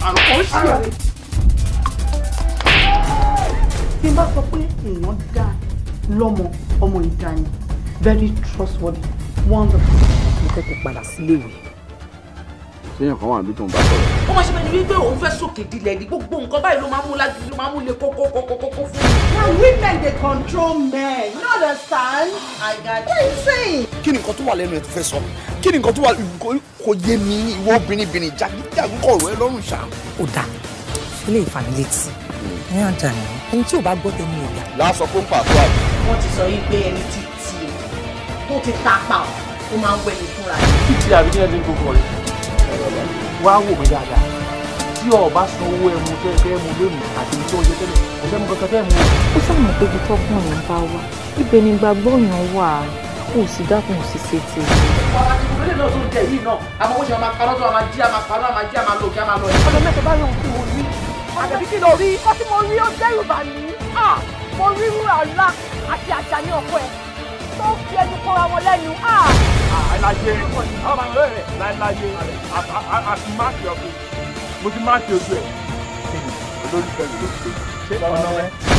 àrùn kan ṣe é. tí n bá sọ pé èèyàn dá lọ́mọ ọmọ ìdá ni very trustworthy wonderful. mo fẹ́ kó padà síléèwé. séèyàn kan wà níbi tó ń bá sọ̀rọ̀. ó máa ṣe bẹ́ẹ̀ ni wípé òun fẹ́ sókè dilẹ̀ ní gbogbo nǹkan báyìí ló máa mú ló máa mú le kókókókókó fún mi. na women dey control men. No understand? I got you saying. Kí ni nǹkan tó wà lẹ́nu ẹ̀ tó fẹ́ sọ? Kí ni nǹkan tó wà kò yé mi ìwọ obìnrin bìnrin jagunjagun kọ̀ ọ̀rọ̀ ẹ lọ́rùn ṣá. Ó dáa, ilé ìfàmìlétí. Hmm. Ẹ yàn dà ní. Ẹni tí ò bá gbọ́ tẹnu ìgbà. Láàsọ fún pàtó àbí. Wọ́n ti sọ yìí pé ẹni tí tí tó ti ta pa ó máa ń wẹ̀ ní fúnra rẹ̀. Títí àbí kí ẹ gbogbo rẹ̀. Wá wò mí dáadáa tí ọba san owó ẹmu tẹ́ fẹ́ mu lónìí àti tí ó yẹ tẹ́lẹ̀ kò fẹ́ mu kankan tẹ́ mu. ó sàmọ̀ pé ibi tọ́gbọ́n bá wá ibẹ̀ ni gbàgbọ́ yẹn wà kò sí dákun sí ṣe tè. ọ̀rọ̀ àti ìwé náà tó ń tẹ̀ yìí náà àmọ́ ó ṣe máa parọ́ tó máa jí àmà parọ́ àmà jí àmà lòkè àmà lọ. ọ̀dọ̀ mẹ́tẹ̀ bá yọ̀hún kí mo rí àbẹ̀bí kí ló rí ó tí mo rí ó dẹ́rù bà mí mo rí wúrà ọ̀la àti àjà ní ọ̀pọ̀ ẹ̀ tó fi ẹnu kọra wọn lẹ́nu láìláyé àwọn ọmọ rẹ̀ láìláyé àti máàkì ọ̀gbìn mo ti má ṣe ojú ẹ̀ olólùfẹ́ mi ló ṣe ọ̀nà rẹ̀.